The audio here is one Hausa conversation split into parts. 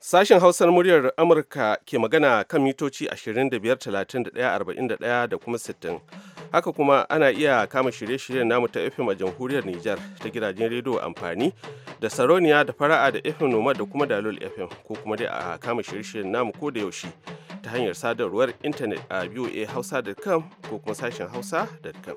Sashen Hausar muryar Amurka ke magana kan mitoci 25,31,41 da kuma 60. Haka kuma ana iya kama shirye-shiryen namu ta FM a jamhuriyar Nijar ta gidajen rediyo amfani da Saroniya da Fara'a da FM Noma da kuma Dalol FM ko kuma dai a kama shirye-shiryen namu ko da yaushe ta hanyar sadarwar intanet a voahausa.com ko kuma sashen hausa.com.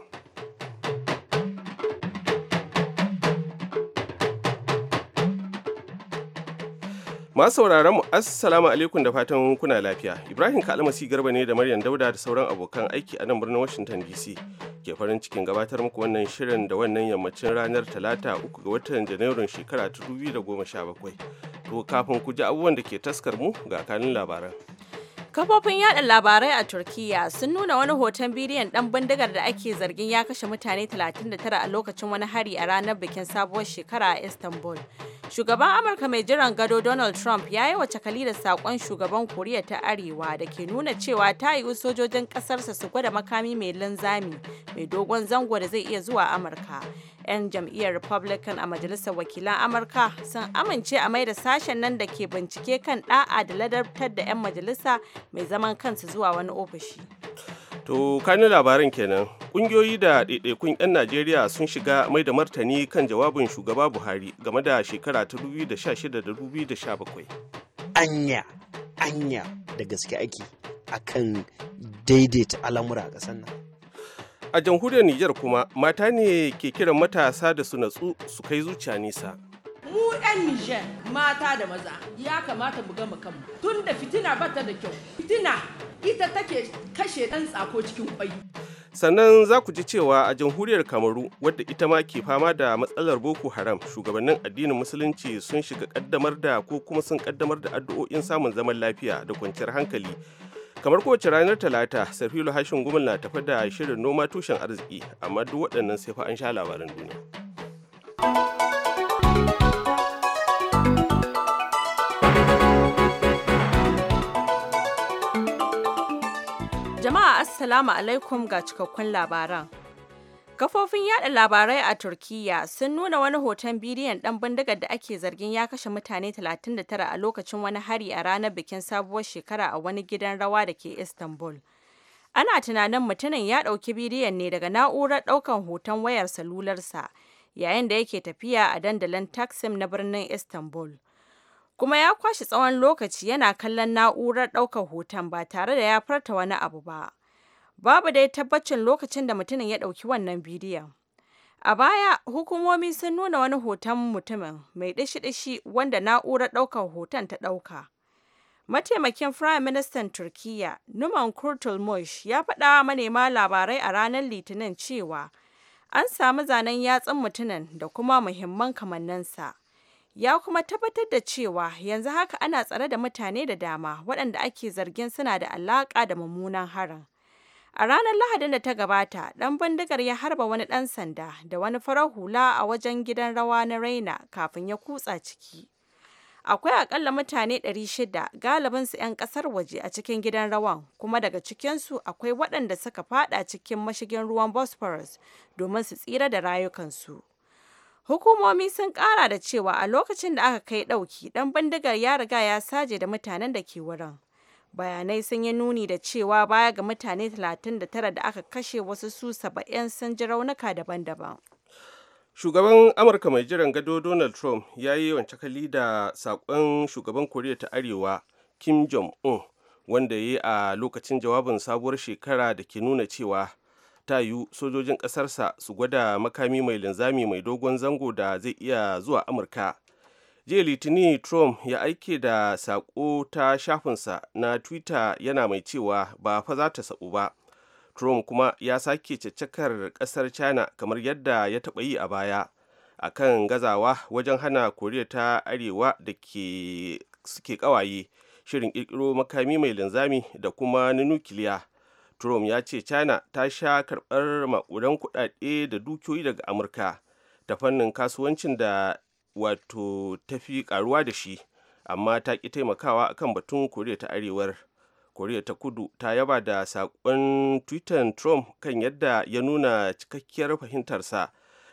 Masu sauraron mu assalamu alaikum da fatan kuna lafiya. Ibrahim Kalmasi Garba ne da Maryam Dauda da sauran abokan aiki a nan birnin Washington DC. Ke farin cikin gabatar muku wannan shirin da wannan yammacin ranar Talata 3 ga watan Janairun shekara 2017. To kafin ku ji abubuwan da ke taskar mu ga kanin labaran. Kafofin yaɗa labarai a Turkiyya sun nuna wani hoton bidiyon ɗan bindigar da ake zargin ya kashe mutane 39 a lokacin wani hari a ranar bikin sabuwar shekara a Istanbul. Shugaban Amurka mai jiran gado Donald Trump ya yi wace kali da sakon shugaban Koriya ta Arewa da ke nuna cewa ta yiwu sojojin kasarsa su gwada makami mai linzami mai dogon zango da zai iya zuwa Amurka. 'Yan jam'iyyar Republican a Majalisar Wakilan Amurka sun amince a mai da sashen nan da ke bincike kan da'a da ladabtar da 'yan majalisa mai zaman kansu zuwa wani ofishi. To kanin labaran kenan. ƙungiyoyi da ɗaiɗaikun 'yan Najeriya sun shiga mai da martani kan jawabin shugaba Buhari game da shekara ta 2016-2017. Anya, anya da gaske ake kan daidaita al'amura a ƙasar nan. A jamhuriyar Nijar kuma mata ne ke kiran matasa da su natsu su kai zuciya nisa. mu 'yan Nijar mata da maza ya kamata mu gama kanmu tun da fitina bata da kyau fitina ita take kashe ɗan tsako cikin kwai. sannan za ku ji cewa a jamhuriyar kamaru wadda ita ma ke fama da matsalar boko haram shugabannin addinin musulunci sun shiga kaddamar da ko kuma sun kaddamar da addu'o'in samun zaman lafiya da kwanciyar hankali kamar kowace ranar talata safilu hashin gumul na tafi da shirin noma tushen arziki amma duk waɗannan sai fa an sha labaran duniya. Assalamu alaikum ga cikakkun labaran. Kafofin yada labarai a Turkiyya sun nuna wani hoton bidiyon ɗan bindigar da ake zargin ya kashe mutane 39 a lokacin wani hari a ranar bikin sabuwar shekara a wani gidan rawa da ke Istanbul. Ana tunanin mutumin ya ɗauki bidiyon ne daga na'urar ɗaukar hoton wayar salularsa yayin da yake tafiya a dandalin Taksim na birnin Istanbul. Kuma ya kwashe tsawon lokaci yana kallon na'urar ɗaukar hoton ba tare da ya farta wani abu ba. Babu dai tabbacin lokacin da mutumin ya ɗauki wannan bidiyon. A baya, hukumomi sun nuna wani hoton mutumin mai ɗishi-ɗishi wanda na'urar ɗaukar hoton ta ɗauka. Mataimakin Firayim Ministan Turkiyya, Numan kurtul mush ya faɗa manema labarai a ranar Litinin cewa an samu zanen yatsun mutumin da kuma muhimman kamanninsa. Ya kuma tabbatar da cewa yanzu haka ana tsare da mutane da dama waɗanda ake zargin suna da alaƙa da mummunan harin. A ranar Lahadin da ta gabata, ɗan bindigar ya harba wani ɗan sanda da wani farar hula a wajen gidan rawa na Raina kafin ya kutsa ciki. Akwai akalla mutane 600 galibinsu 'yan ƙasar waje a cikin gidan rawan, kuma daga cikinsu akwai waɗanda suka fada cikin mashigin ruwan Bosphorus domin su tsira da rayukansu. Hukumomi sun ƙara da cewa a lokacin da aka kai ɗauki, ɗan bindigar ya riga ya saje da mutanen da ke wurin. bayanai sun yi nuni da cewa baya ga mutane 39 da aka kashe wasu su 70 sun ji raunuka daban-daban shugaban amurka mai jiran gado donald trump ya yi wancakali da sakon shugaban koriya ta arewa kim jong-un wanda ya yi a lokacin jawabin sabuwar shekara da ke nuna cewa ta yiwu sojojin kasarsa su gwada makami mai linzami mai dogon zango da zai iya zuwa amurka jiya litinin trump ya aike da sako ta shafinsa na twitter yana mai cewa ba fa za ta sabu ba trump kuma ya sake caccakar kasar china kamar yadda ya taba yi a baya akan gazawa wajen hana koriya ta arewa da ke suke ƙawaye shirin ƙirƙiro makami mai linzami da kuma na nukiliya trump ya ce china ta sha karbar makudan kudade da dukiyoyi daga amurka ta fannin kasuwancin da wato ta fi karuwa da shi amma ta ki taimakawa a kan batun koriya ta arewar koriya ta kudu ta yaba da sakon twitter trump kan yadda ya nuna cikakkiyar fahimtarsa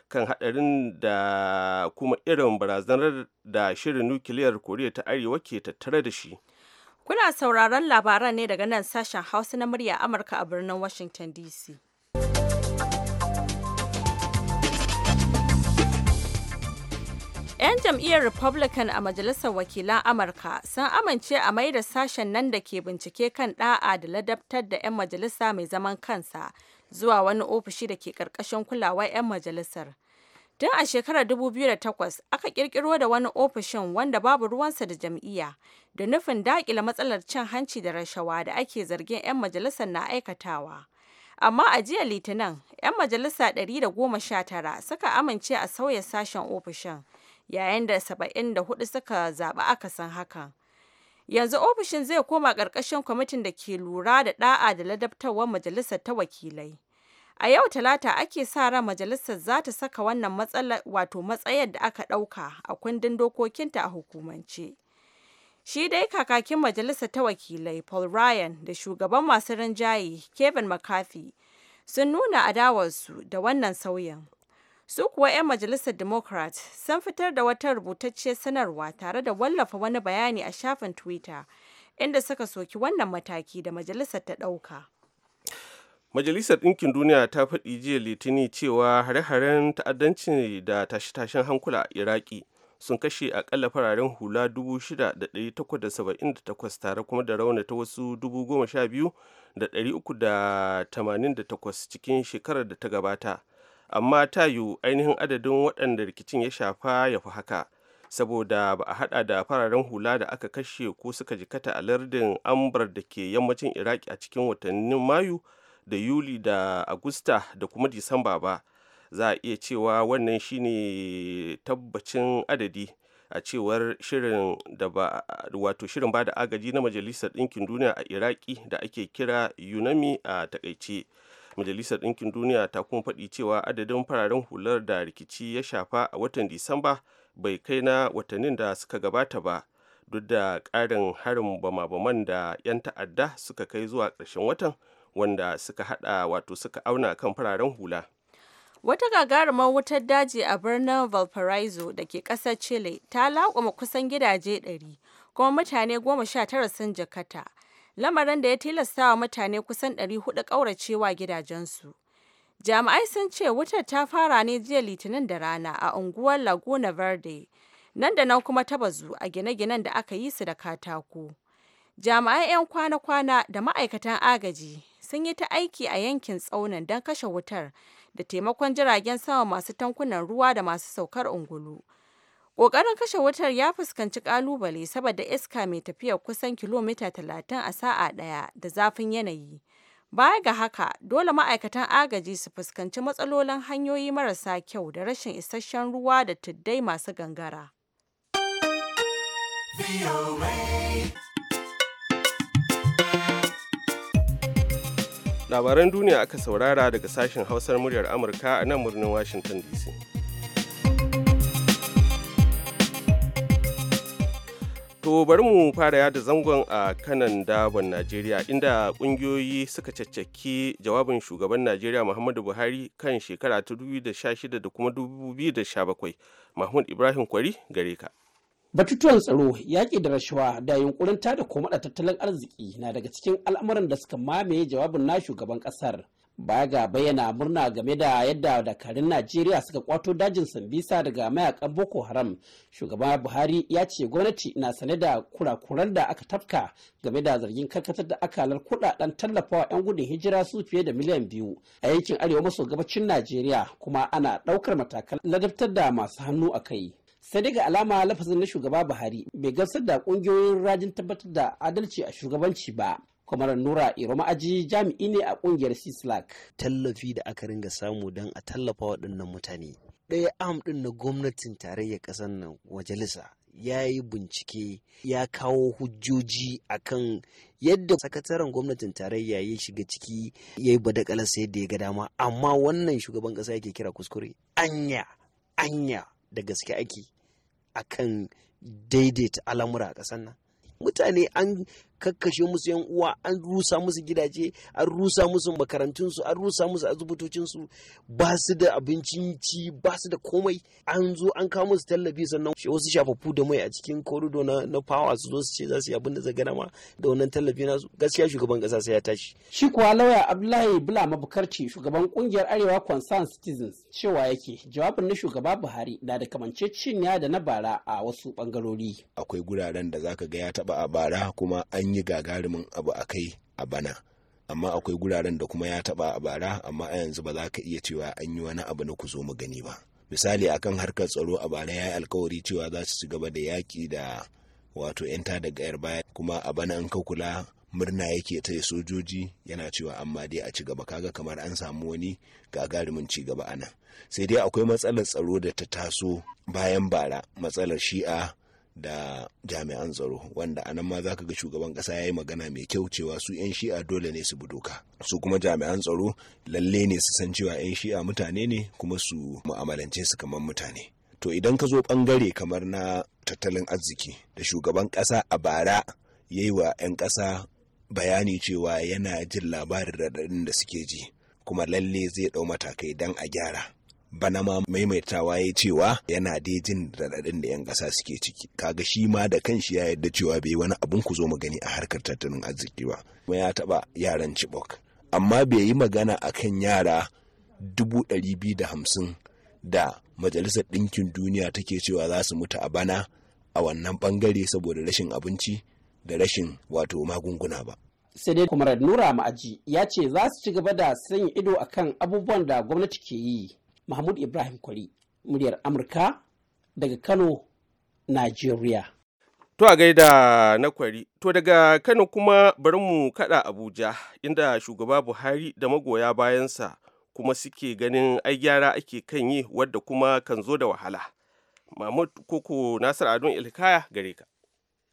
kan hadarin da kuma irin barazanar da shirin nukiliyar koriya ta arewa ke tattare da shi kuna sauraron labaran ne daga nan sashen hausa na murya amurka a birnin washington dc 'Yan jam'iyyar Republican a Majalisar Wakilan Amurka sun amince a mai da sashen nan da ke bincike kan ɗa'a da ladabtar da 'yan majalisa mai zaman kansa zuwa wani ofishi da ke ƙarƙashin kulawar 'yan majalisar. Tun a shekarar 2008 aka ƙirƙiro da wani ofishin wanda babu ruwansa da jam'iyya da nufin daƙile matsalar cin hanci da rashawa da ake zargin 'yan majalisar na aikatawa. Amma a jiya Litinin, 'yan majalisa 119 suka amince a sauya sashen ofishin. yayin da 74 suka zaɓi akasin hakan. Yanzu ofishin zai koma ƙarƙashin kwamitin da ke lura da ɗa'a da ladabtarwar majalisar ta wakilai. A yau Talata ake sa ran majalisar za ta saka wannan matsala wato matsayar da aka ɗauka a kundin dokokinta a hukumance. Shi dai kakakin majalisar ta wakilai Paul Ryan da shugaban masu rinjaye Kevin McCarthy sun nuna adawarsu da wannan sauyin. Su kuwa 'yan majalisar Democrat sun fitar da wata rubutacciyar sanarwa tare da wallafa wani bayani a shafin Twitter inda suka soki wannan mataki da majalisar ta ɗauka. Majalisar Ɗinkin Duniya ta faɗi jiya Litini cewa hare-haren ta'addanci da tashe-tashen hankula a Iraki sun kashe akalla fararen hula 6,878 tare kuma da raunata wasu 12,388 cikin shekarar da ta gabata amma ta yiwu ainihin adadin waɗanda rikicin ya shafa ya fi haka saboda ba a hada da fararen hula da aka kashe ko suka jikata a lardin ambar da ke yammacin iraki a cikin watannin mayu da yuli da agusta da kuma disamba ba za a iya cewa wannan shine tabbacin adadi a cewar shirin da ba wato shirin ba da agaji na majalisar ɗinkin duniya a iraki da ake kira yunami a takaice majalisar ɗinkin duniya ta kuma faɗi cewa adadin fararen hular da rikici ya shafa a watan disamba bai kai na watannin da suka gabata ba duk da ƙarin harin bama-baman da 'yan ta'adda suka kai zuwa ƙarshen watan wanda suka hada wato suka auna kan fararen hula Wata gagarumar wutar daji a birnin Valparaiso da ke ƙasar Chile ta laƙuma kusan gidaje 100 kuma mutane 19 sun jakata lamarin da ya tilasta wa mutane kusan 400 ƙauracewa gidajensu. Jami'ai sun ce wutar ta fara ne jiya Litinin da rana a unguwar Laguna Verde, nan da nan kuma ta bazu a gine-ginen da aka yi su da katako. Jami'ai 'yan kwana-kwana da ma'aikatan agaji sun yi ta aiki a yankin tsaunin don kashe wutar da taimakon jiragen sama masu tankunan ruwa da masu saukar ungulu. Ƙoƙarin kashe wutar ya fuskanci ƙalubale saboda iska mai tafiyar kusan kilomita talatin a sa'a ɗaya da zafin yanayi. Baya ga haka, dole ma'aikatan agaji su fuskanci matsalolin hanyoyi marasa kyau da rashin isasshen ruwa da tuddai masu gangara. Labaran duniya aka saurara daga sashen Hausar muryar Amurka a nan birnin Washington DC. To bari mu fara yada zangon a kanan dabon Najeriya inda kungiyoyi suka caccaki jawabin shugaban Najeriya Muhammadu Buhari kan shekara ta 2016 da kuma 2017. Mahmud Ibrahim Kwari gare ka. Batutuwan tsaro, yaƙi da rashawa da yunkurin tada komaɗa tattalin arziki na daga cikin al'amuran da suka mamaye jawabin na shugaban ƙasar. baya ga bayyana murna game da yadda dakarun najeriya suka kwato dajin sambisa daga mayakan boko haram shugaba buhari ya ce gwamnati na sane da kurakuran da aka tafka game da zargin karkatar da akalar kudaden tallafawa 'yan gudun hijira su fiye da miliyan biyu a yankin arewa maso gabacin najeriya kuma ana daukar matakan ladabtar da masu hannu a kai sai daga alama lafazin na shugaba buhari bai gamsar da kungiyoyin rajin tabbatar da adalci a shugabanci ba kwamarar nura iro ma'aji jami'i ne a kungiyar sislak tallafi da aka ringa samu don a tallafa waɗannan mutane ɗaya am ɗin na gwamnatin tarayyar ƙasar nan majalisa ya yi bincike ya kawo hujjoji akan yadda sakataren gwamnatin tarayya ya shiga ciki ya yi badakalar sai da ya ga dama amma wannan shugaban ƙasa yake kira kuskure anya anya da gaske ake akan daidaita al'amura a ƙasar nan mutane an kakkashe musu yan uwa an rusa musu gidaje an rusa musu makarantunsu an rusa musu azubutocinsu ba su da abincin ci ba su da komai an zo an kawo musu tallafi sannan wasu shafafu da mai a cikin korido na na power su zo su ce za su yi abin da zai ma da wannan tallafi nasu gaskiya shugaban kasa sai ya tashi shi kuwa lauya abdullahi bula mabukarci shugaban kungiyar arewa concerned citizens cewa yake jawabin na shugaba buhari na da kamance kamanceceniya da na bara a wasu bangarori akwai guraren da zaka ga ya taba a bara kuma an yi gagarumin abu a kai a bana amma akwai guraren da kuma ya taba a bara amma a yanzu ba za ka iya cewa an yi wani abu na ku zo mu gani ba misali akan harkar tsaro a bara ya yi alkawari cewa za su ci gaba da yaƙi da wato 'yan tada gayar baya kuma a bana an kula murna yake ta sojoji yana cewa amma dai a ci gaba kaga kamar an samu wani gagarumin ci gaba a sai dai akwai matsalar tsaro da ta taso bayan bara matsalar shi'a da jami'an tsaro wanda anan ma za ka ga shugaban kasa ya yi magana mai kyau cewa su 'yan shi'a dole ne su bi doka su kuma jami'an tsaro lalle ne su san cewa 'yan shi'a mutane ne kuma su mu'amalance su kamar mutane to idan ka zo bangare kamar na tattalin arziki da shugaban kasa a bara ya yi wa 'yan kasa bayani cewa yana jin labarin raɗaɗin da suke ji kuma lalle zai ɗau matakai don a gyara bana ma maimaitawa ya cewa yana dai jin raɗaɗin da 'yan ƙasa suke ciki kaga shi ma da kanshi ya yarda cewa bai wani abun ku zo mu gani a harkar tattalin arziki ba kuma ya taɓa yaran cibok amma bai yi magana akan yara dubu ɗari biyu da hamsin da majalisar ɗinkin duniya take cewa za su mutu a bana a wannan ɓangare saboda rashin abinci da rashin wato magunguna ba sai dai kuma nura ma'aji ya ce za su ci gaba da sanya ido akan abubuwan da gwamnati ke yi mahmud ibrahim kwari muryar amurka daga kano Najeriya. to a gaida na kwari to daga kano kuma bari mu kada abuja inda shugaba buhari da magoya bayansa kuma suke ganin ai gyara ake kan yi wadda kuma kan zo da wahala mahmud koko nasir adon ilkaya gare ka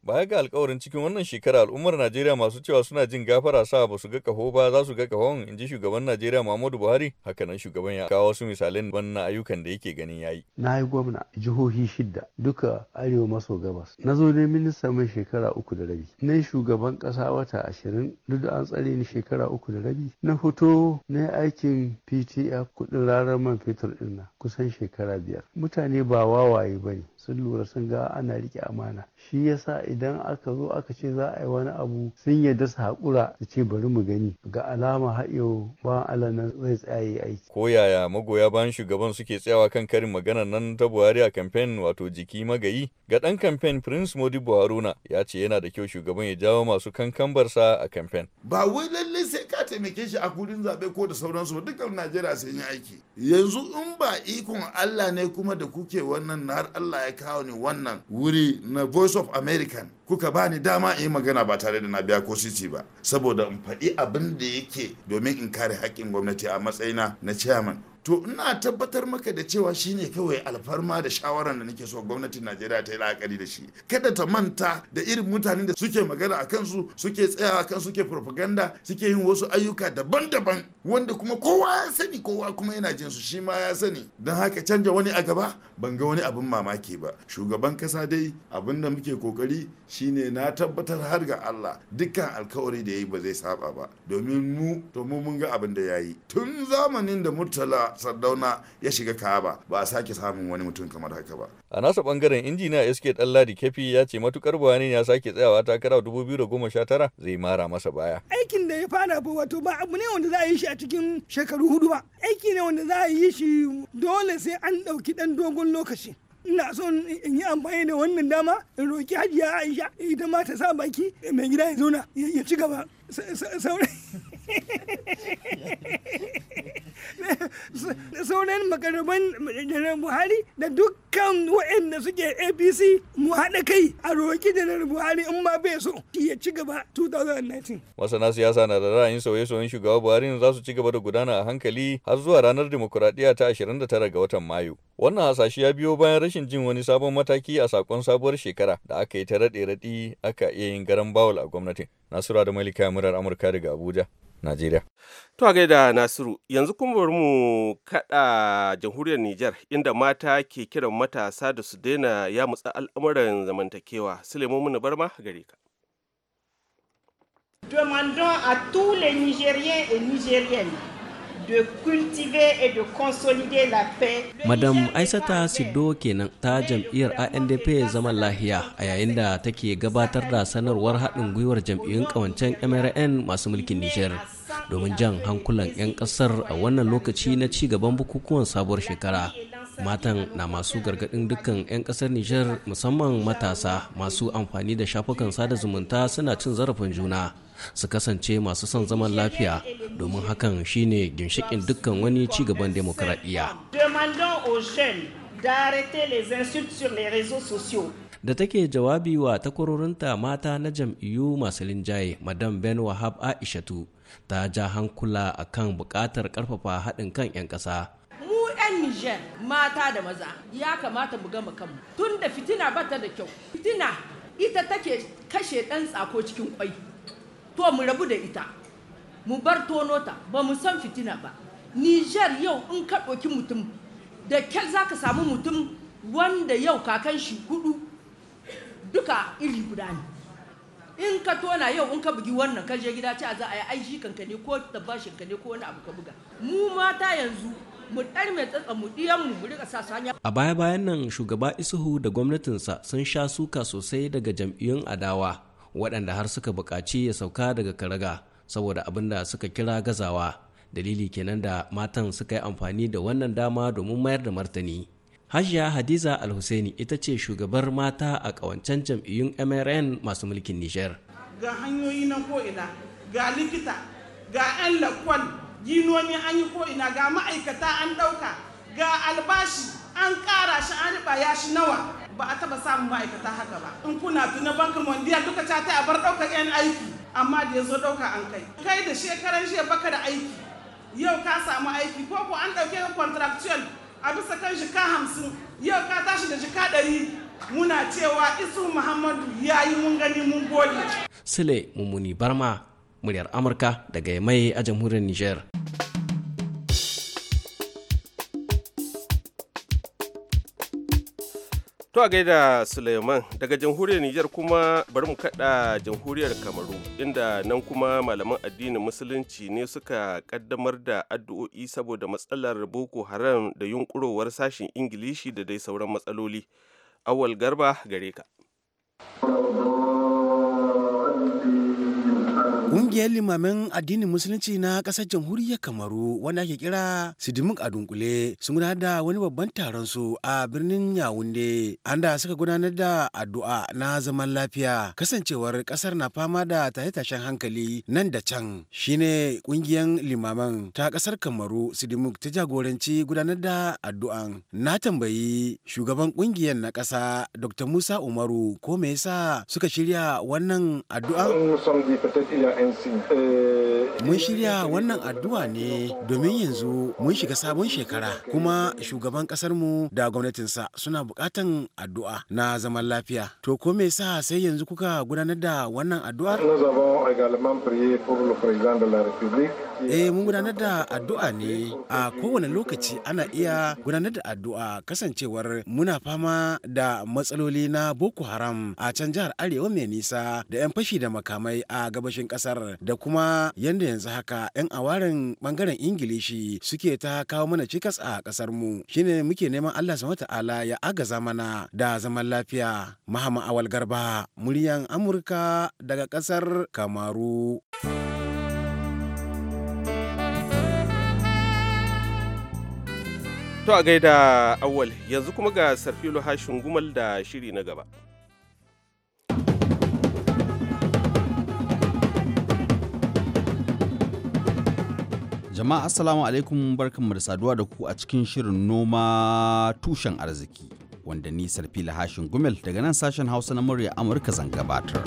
Baya ga alkawarin cikin wannan shekara al'ummar Najeriya masu cewa suna jin gafara sa ba su ga kaho ba za su ga kahon in ji shugaban Najeriya Muhammadu Buhari hakanan shugaban ya kawo wasu misalin wannan ayyukan da yake ganin yayi. Na yi gwamna jihohi shidda duka arewa maso gabas. Na zo ne Ministan mai shekara uku da rabi. Na shugaban kasa wata ashirin duk da an tsare ni shekara uku da rabi. Na fito na aikin PTF kudin rarar man fetur ɗin kusan shekara biyar. Mutane ba wawaye ba ne. sun lura sun ga ana rike amana shi yasa idan aka zo aka ce za a yi wani abu sun yarda su haƙura su ce bari mu gani ga alama haɗewa ba Allah nan zai tsaye aiki ko yaya magoya bayan shugaban suke tsayawa kan karin magana nan ta Buhari a kamfen wato jiki magayi ga dan kamfen Prince modi na ya ce yana da kyau shugaban ya jawo masu kankambarsa a kamfen ba wai lallai sai ka taimake shi a kudin zaɓe ko da sauransu dukkan Najeriya sai yi aiki yanzu in ba ikon Allah ne kuma da kuke wannan har Allah ya kawo ni wannan wuri na voice of american kuka ba ni dama in yi magana ba tare da na biya ko sisi ba saboda in faɗi abin da yake domin in kare haƙƙin gwamnati a matsayina na chairman to ina tabbatar maka da cewa shine kawai alfarma da shawarar da nake so gwamnatin najeriya ta yi la'akari da shi kada ta manta da irin mutanen da suke magana a kansu suke tsayawa kan suke propaganda suke yin wasu ayyuka daban-daban wanda kuma kowa ya sani kowa kuma yana jin su shi ma ya sani don haka canja wani a gaba ban ga wani abin mamaki ba shugaban kasa dai abin da muke kokari shine na tabbatar har ga Allah dukkan alkawari da yayi ba zai saba ba domin mu to mun ga abin da yayi tun zamanin da murtala sardauna ya shiga kaba ba ba a sake samun wani mutum kamar haka ba a nasa bangaren injiniya sk ladi kefi ya ce matukar buhari ya sake tsayawa takara 2019 zai mara masa baya aikin da ya fara ba wato ba abu ne wanda za a yi shi a cikin shekaru hudu ba aiki ne wanda za a yi shi dole sai an dauki dan dogon lokaci ina so in yi amfani da wannan dama in roki hajiya aisha ita ma ta sa baki mai gida ya zauna ya ci gaba sauran sauran makaraban janar buhari da dukkan waɗanda suke apc mu haɗa kai a roƙi janar buhari in ma bai so ya ci gaba 2019 masana siyasa na da ra'ayin sauye-sauyen shugaba buhari za su ci gaba da gudana a hankali har zuwa ranar dimokuraɗiyya ta 29 ga watan mayu wannan hasashe ya biyo bayan rashin jin wani sabon mataki a sakon sabuwar shekara da aka yi ta raɗe-raɗi aka iya yin garan bawul a gwamnatin nasura da malika murar amurka daga abuja najeriya to a gaida nasiru yanzu kuma bari mu kada jamhuriyar nijar inda mata ke kiran matasa da su daina ya mutsa al'amuran zamantakewa suleiman barma gare ka demandons à tous les nigériens et nigériennes de cultiver et de consolider la paix. Madam Aisata Sido kenan ta jam'iyyar ANDP zaman lahiya a yayin da take gabatar da sanarwar haɗin gwiwar jam'iyyun ƙawancen MRN masu mulkin Nijar. Domin jan hankulan 'yan kasar a wannan lokaci na ci gaban bukukuwan sabuwar shekara. Matan na masu gargaɗin dukkan 'yan kasar Nijar musamman matasa masu amfani da shafukan sada zumunta suna cin zarafin juna. su kasance masu son zaman lafiya domin hakan shine ginshikin dukkan wani ci gaban demokradiyya. da take jawabi wa takwarorinta mata na jam'iyyu masu linjaye madam ben wahab aishatu ta ja hankula a kan bukatar ƙarfafa haɗin kan 'yan ƙasa 'yan Nijar mata da maza ya kamata mu gama kanmu tun da fitina bata da kyau fitina ita take kashe ɗan tsako cikin kwai to mu rabu da ita mu bar tonota ba mu san fitina ba niger yau in ka ɗauki mutum da kyal za ka samu mutum wanda yau kakan shi hudu duka iri guda ne in ka tona yau in ka bugi wannan ka je gida ce za a yi shi kanka ne ko tabbashin ka ne ko wani abu ka buga mu mata yanzu mu ɗar mai tsatsa mu diyan mu mu rika sa su A baya bayan nan shugaba Isuhu da gwamnatinsa sun sha suka sosai daga jam'iyyun adawa waɗanda har suka buƙaci ya sauka daga karaga saboda abin da suka kira gazawa dalili kenan da matan suka yi amfani da wannan dama domin mayar da martani hajiya hadiza alhussaini ita ce shugabar mata a ƙawancen jam'iyyun mrn masu mulkin niger. ga hanyoyi na ko'ina ga likita ga 'yan lakwal ginoni an yi ko'ina ga ma'aikata an ɗauka ga albashi an ƙara shi an riɓa ya shi nawa ba a taba samun ma'aikata haka ba in kuna tuna bankin mondial duka ta a bar ɗaukar yan aiki amma da ya zo ɗauka an kai kai da shekaran shi baka da aiki yau ka samu aiki ko ko an ɗauke ka contractual a bisa kan ka hamsin yau ka tashi da jika ɗari muna cewa isu muhammadu ya yi mun gani mun gode. sile mummuni barma muryar amurka daga mai a jamhuriyar niger. To a gaida Suleiman daga jamhuriyar Nijar kuma bari mu kaɗa jamhuriyar Kamaru inda nan kuma malaman addinin musulunci ne suka kaddamar da addu'o'i saboda matsalar Boko Haram da yunkurowar sashen Ingilishi da dai sauran matsaloli. Awal Garba gare ka. Ƙungiyar limamin addinin musulunci na ƙasar jamhuriyar Kamaru wanda ake kira Sidimuk a sun gudanar da wani babban taron su a birnin Yawunde anda suka gudanar da addu'a na zaman lafiya kasancewar ƙasar na fama da tashe-tashen hankali nan da can shine ƙungiyar limamin ta ƙasar Kamaru Sidimuk ta jagoranci gudanar da addu'an na tambayi shugaban ƙungiyar na ƙasa Dr. Musa Umaru ko me yasa suka shirya wannan addu'a? Eh, mun shirya wannan addu'a ne domin yanzu mun shiga sabon shekara kuma shugaban ƙasarmu da gwamnatinsa suna buƙatan addu'a na zaman lafiya. To ko me sa sai yanzu kuka gudanar da wannan addu'ar? Eh mun gudanar da addu'a ne a kowane lokaci ana iya gudanar da addu'a kasancewar muna fama da matsaloli na Boko Haram a can jihar Arewa mai nisa da 'yan fashi da makamai a gabashin ƙasa. kasar da kuma yadda yanzu haka 'yan awarin bangaren ingilishi suke ta kawo mana cikas a kasar mu shine muke neman allah subhanahu ta'ala ya agaza mana da zaman lafiya mahama awal garba muryan amurka daga kasar kamaru To a gaida awal yanzu kuma ga sarfilo hashin gumal da shiri na gaba. Jama'a Assalamu alaikum barkanmu da saduwa da ku a cikin shirin noma tushen arziki wanda ni Sarfila Hashin Gumel daga nan sashen Hausa na murya Amurka zan gabatar.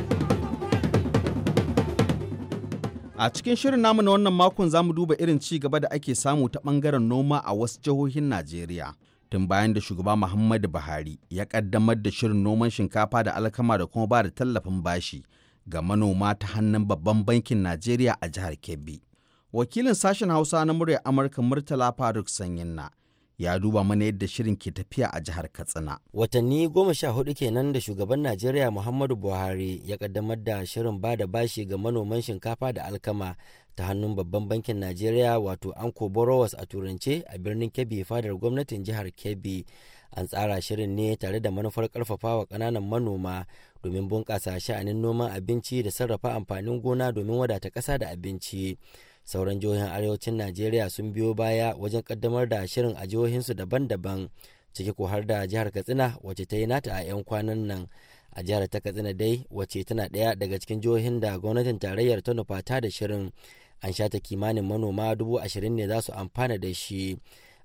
A cikin shirin namu na wannan makon za mu duba irin ci gaba da ake samu ta ɓangaren noma a wasu jihohin Najeriya. tun bayan da shugaba Muhammadu Buhari ya kaddamar da shirin noman shinkafa da alkama da kuma ba da tallafin bashi ga manoma ta hannun babban bankin Najeriya a jihar Kebbi. wakilin sashen hausa na muryar amurka murtala faruk sanyinna ya duba mana yadda shirin ke tafiya a jihar katsina watanni goma sha hudu kenan da shugaban najeriya muhammadu buhari ya kaddamar da shirin ba da bashi ga manoman shinkafa da alkama ta hannun babban bankin najeriya wato anko borowas a turance a birnin kebbi fadar gwamnatin jihar kebbi an tsara shirin ne tare da manufar karfafawa kananan manoma domin bunƙasa sha'anin noman abinci da sarrafa amfanin gona domin wadata ƙasa da abinci sauran jihohin arewacin najeriya sun biyo baya wajen kaddamar da shirin a jihohinsu daban-daban ciki ko har da jihar katsina wacce ta yi nata a 'yan kwanan nan a jihar ta katsina dai wacce tana ɗaya daga cikin jihohin da gwamnatin tarayyar ta nufata da shirin an sha ta kimanin manoma dubu ashirin ne za su amfana da shi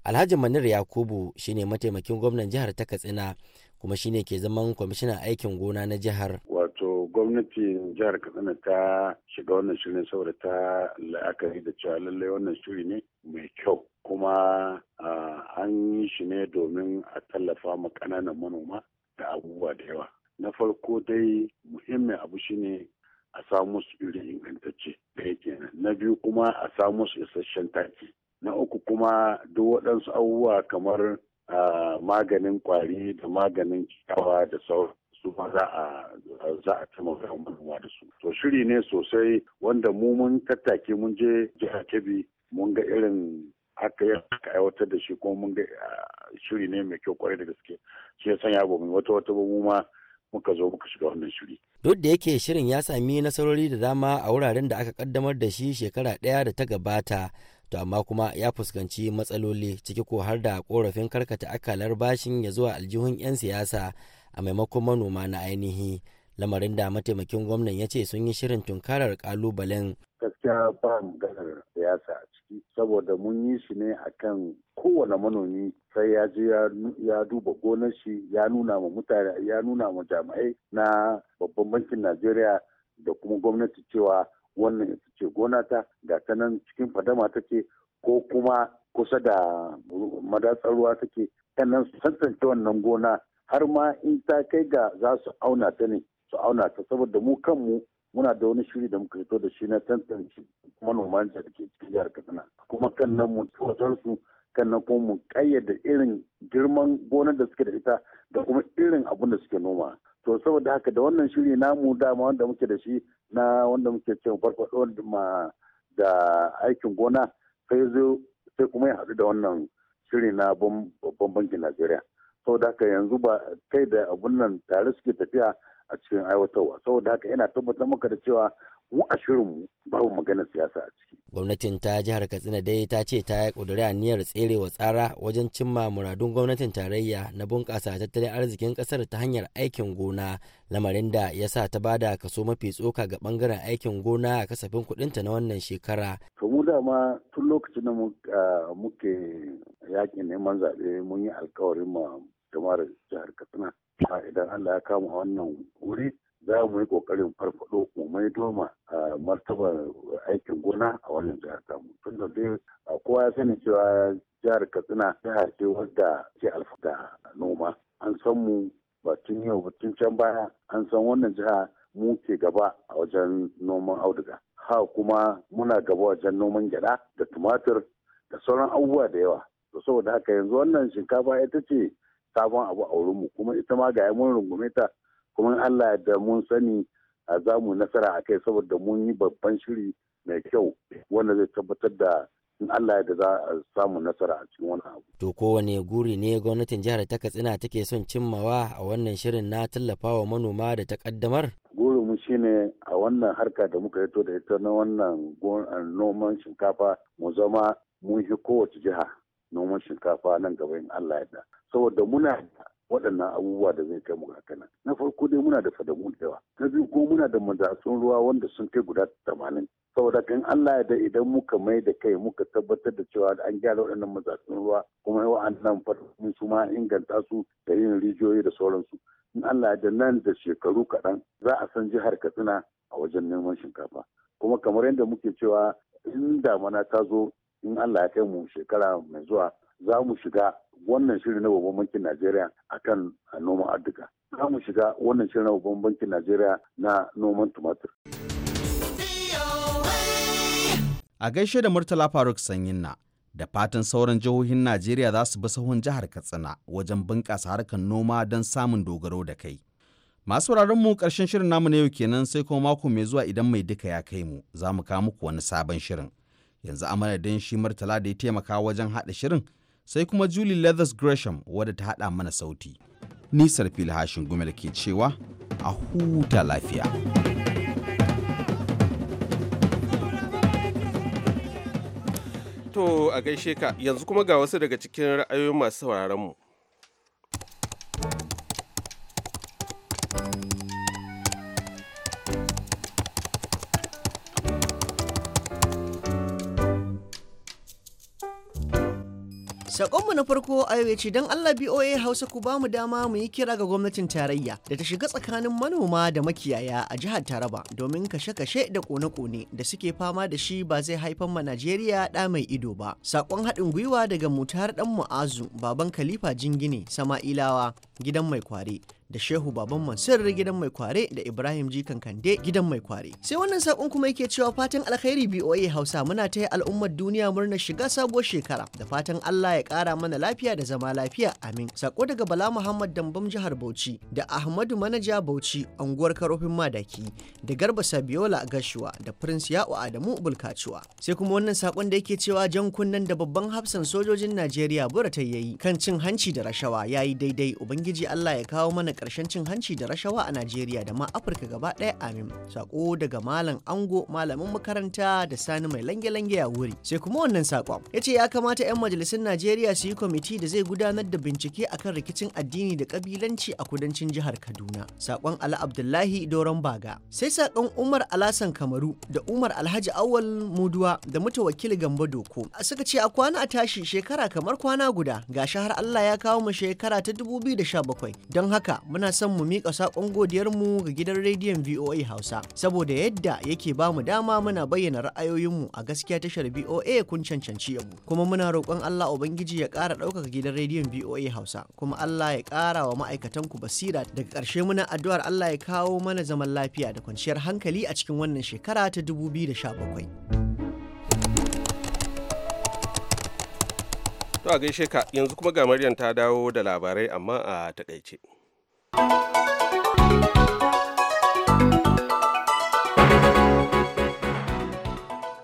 alhaji manir yakubu shine mataimakin gwamnan jihar ta katsina kuma shine ke zaman kwamishinan aikin gona na jihar. Wato gwamnati jihar Katsina ta shiga wannan shirin saboda ta la'akari da cewa lallai wannan shiri ne mai kyau kuma an yi shi ne domin a tallafa ma kananan manoma da abubuwa da yawa. Na farko dai muhimmin abu shine a samu su iri ingantacce ɗaya kenan. Na biyu kuma a samu su isasshen taki. Na uku kuma duk waɗansu abubuwa kamar maganin kwari da maganin kyawa da sauransu su ma za a za a taimaka manoma da su to shiri ne sosai wanda mu mun tattake mun je jihar kebbi mun ga irin haka ya aiwatar da shi kuma mun ga shiri ne mai kyau kwarai da gaske shi ya sanya ba wata wata ba mu ma muka zo muka shiga wannan shiri duk da yake shirin ya sami nasarori da dama a wuraren da aka kaddamar da shi shekara ɗaya da ta gabata to amma kuma ya fuskanci matsaloli ciki ko har da korafin karkata akalar bashin ya zuwa aljihun 'yan siyasa a maimakon manoma na ainihi lamarin da mataimakin gwamnan ya ce sun yi shirin tunkarar kalubalen gaskiya ba maganar siyasa a ciki saboda mun yi shi ne a kan kowane manomi sai ya je ya duba gonar shi ya nuna ma mutane ya nuna ma jami'ai na babban bankin najeriya da kuma gwamnati cewa wannan ita ce gona ta ga ta nan cikin fadama take ko kuma kusa da madatsar ruwa take sannan su tantance wannan gona har ma in ta kai ga za su auna ta ne su auna ta saboda mu kanmu muna da wani shiri da muka fito da shi na tantance manoman da ke cikin jihar katsina kuma kan nan mu tuwatar su kan nan kuma mu kayyade irin girman gona da suke da ita da kuma irin abun da suke noma to saboda haka da wannan shiri namu dama wanda muke da shi na wanda muke cewa farfaɗo da aikin gona sai zo sai kuma ya haɗu da wannan shiri na babban bankin Najeriya. Saboda haka yanzu ba kai da abun nan tare suke tafiya a cikin aiwatarwa. Saboda haka yana tabbatar maka da cewa mu a shirinmu babu magana siyasa a ciki. Gwamnatin ta jihar Katsina dai ta ce ta yi ƙudiri aniyar tserewa tsara wajen cimma muradun gwamnatin tarayya na bunƙasa tattalin arzikin ƙasar ta hanyar aikin gona lamarin da ya sa ta bada kaso mafi tsoka ga ɓangaren aikin gona a kasafin kuɗinta na wannan shekara. To mu dama tun lokacin da muke yakin neman zaɓe mun yi alkawarin ma jama'ar jihar Katsina. Idan Allah ya kama wannan wuri za mu yi kokarin farfado umai doma a martabar aikin gona a wannan jihar tamu tunda dai kowa ya sani cewa jihar katsina jiha ce wadda ke alfa noma an san mu ba tun yau ba tun can baya an san wannan jiha mu ke gaba a wajen noman auduga ha kuma muna gaba wajen noman gyada da tumatir da sauran abubuwa da yawa to saboda haka yanzu wannan shinkafa ita ce sabon abu a wurin mu. kuma ita ma ga mun rungume ta kuma Allah da mun sani a zamu nasara a kai saboda mun yi babban shiri mai kyau wanda zai tabbatar da in Allah da za a samu nasara a cikin wani abu. To kowane guri ne gwamnatin jihar ta Katsina take son cimmawa a wannan shirin na tallafawa manoma da ta kaddamar? Gurinmu shine a wannan harka da muka to da ita na wannan noman shinkafa mu zama mun shi kowace jiha noman shinkafa nan gaba in Allah ya da. Saboda muna waɗannan abubuwa da zai kai mu haka nan na farko dai muna da fadamu da yawa na biyu kuma muna da mazatsun ruwa wanda sun kai guda tamanin saboda kan Allah ya da idan muka mai da kai muka tabbatar da cewa an gyara waɗannan mazatsun ruwa kuma an nan fadamu su ma inganta su da yin rijiyoyi da sauransu in Allah ya da nan da shekaru kaɗan za a san jihar Katsina a wajen neman shinkafa kuma kamar yadda muke cewa in damana ta zo in Allah ya kai mu shekara mai zuwa za mu shiga wannan shirin na babban bankin Najeriya akan noman adduka Za mu shiga wannan shirin na babban bankin Najeriya na noman tumatir. A gaishe da Murtala Faruk sanyin na da fatan sauran jihohin Najeriya za su bi sahun jihar Katsina wajen bunƙasa harkar noma don samun dogaro da kai. Masu wuraren mu ƙarshen shirin namu na yau kenan sai kuma mako mai zuwa idan mai duka ya kai mu za mu kawo muku wani sabon shirin. Yanzu a shi Murtala da ya taimaka wajen haɗa shirin sai kuma Julie Leathers Gresham wadda ta haɗa mana sauti. Nisar filhashin da ke cewa a huta lafiya. To a gaishe ka yanzu kuma ga wasu daga cikin ra'ayoyin masu sauraron mu. Sakonmu na farko a yau ce don Allah BOA Hausa ku bamu dama mu yi kira ga gwamnatin tarayya da ta shiga tsakanin manoma da makiyaya a jihar Taraba domin kashe-kashe da kone-kone da suke fama da shi ba zai haifar ma Najeriya ɗa mai ido ba. Sakon haɗin gwiwa daga mutar ɗan Mu'azu baban Khalifa Jingine Sama'ilawa gidan mai kware. da shehu baban mansur gidan mai kware da ibrahim jikan kande gidan mai kware sai wannan sakon kuma yake cewa fatan alkhairi boa hausa muna ta yi al'ummar duniya murnar shiga sabuwar shekara da fatan allah ya kara mana lafiya da zama lafiya amin sako daga bala muhammad dambam jihar bauchi da ahmadu manaja bauchi unguwar karofin madaki da garba sabiola gashuwa da prince ya'u adamu bulkacuwa sai kuma wannan sakon da yake cewa jan kunnen da babban hafsan sojojin najeriya bura ta yayi kan cin hanci da rashawa yayi daidai ubangiji allah ya kawo mana Karshen cin hanci da rashawa a Najeriya da ma Afirka gaba ɗaya amin. Sako daga Malam Ango, malamin makaranta da Sani mai lange-lange a wuri. Sai kuma wannan sakon. Ya ce ya kamata 'yan majalisun Najeriya su yi kwamiti da zai gudanar da bincike akan rikicin addini da kabilanci a kudancin jihar Kaduna. Sakon Ala Abdullahi Doron Baga. Sai sakon Umar Alasan Kamaru da Umar Alhaji Awal Muduwa da wakili Gambo Doko. Suka ce a kwana a tashi shekara kamar kwana guda shi har Allah ya kawo mu shekara ta 2017 don haka muna son mu miƙa saƙon godiyarmu ga gidan rediyon VOA Hausa saboda yadda yake ba mu dama muna bayyana ra'ayoyinmu a gaskiya tashar VOA kun cancanci mu kuma muna roƙon Allah ubangiji ya ƙara ɗaukaka gidan rediyon VOA Hausa kuma Allah ya ƙara wa ma'aikatanku basira daga ƙarshe muna addu'ar Allah ya kawo mana zaman lafiya da kwanciyar hankali a cikin wannan shekara ta 2017. To a gaishe ka yanzu kuma ga Maryam ta dawo da labarai amma a takaice.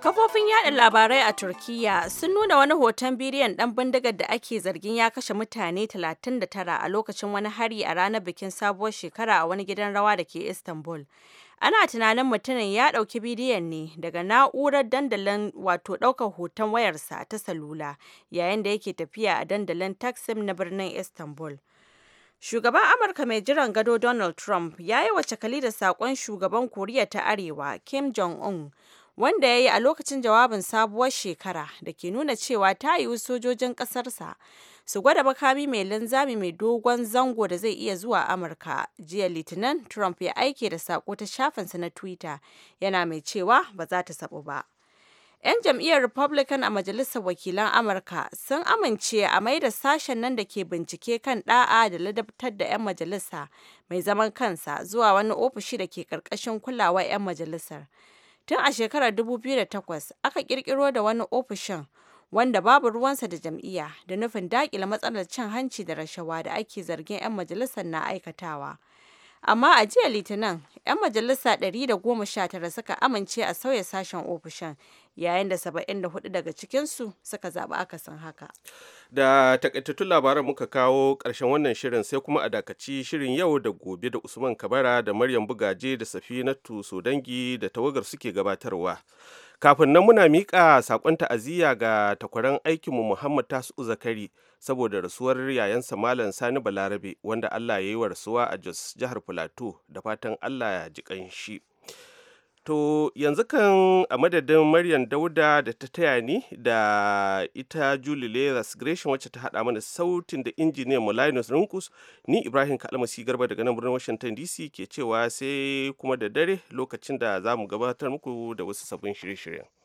Kafofin yada labarai a Turkiyya sun nuna wani hoton bidiyon ɗan bindigar da ake zargin ya kashe mutane 39 a lokacin wani hari a ranar bikin sabuwar shekara a wani gidan rawa da ke Istanbul. Ana tunanin mutumin ya ɗauki bidiyon ne daga na'urar dandalin wato ɗaukar hoton wayarsa ta salula yayin da yake tafiya a dandalin Taksim na birnin Istanbul. Shugaban Amurka mai jiran gado Donald Trump ya yi kali da saƙon shugaban Koriya ta Arewa Kim Jong-un wanda ya yi a lokacin jawabin sabuwar shekara da ke nuna cewa ta yiwu sojojin ƙasarsa su gwada makami mai linzami mai dogon zango da zai iya zuwa Amurka. Jiya Litinin, Trump ya aike da sako ta shafinsa na Twitter yana mai cewa ba za ta saɓu ba. 'Yan jam'iyyar Republican a Majalisar Wakilan Amurka sun amince a maida sashen nan da ke bincike kan da'a da ladabtar da 'yan majalisa mai zaman kansa zuwa wani ofishi da ke karkashin kulawar 'yan majalisar. Tun a shekarar 2008 aka kirkiro da wani ofishin wanda babu ruwansa da jam'iyya da nufin daƙile matsalar cin hanci da rashawa da ake zargin 'yan majalisar na aikatawa. amma a jiya litinin 'yan majalisa 119 suka amince a sauya sashen ofishin yayin da saba'in da hudu daga cikinsu suka zaɓi akasin haka. Da takaitattun labaran muka kawo ƙarshen wannan shirin sai kuma a dakaci shirin yau da gobe da Usman Kabara da Maryam Bugaje da Safinatu Sodangi da tawagar suke gabatarwa. Kafin nan muna miƙa saƙon ta'aziyya ga takwaran aikinmu Muhammad Tasu Zakari saboda rasuwar yayansa Malam Sani Balarabe wanda Allah ya yi wa rasuwa a Jos jihar Filato da fatan Allah ya ji ƙanshi. shi. To yanzu kan a madadin Maryam Dauda da ta taya ni da ita Julie Leathers Gresham wacce ta hada mana sautin da injiniyan mulinus Rinkus ni Ibrahim Kalmasi Garba daga nan birnin Washington DC ke cewa sai kuma da dare lokacin da za mu gabatar muku da wasu sabbin shirye-shiryen.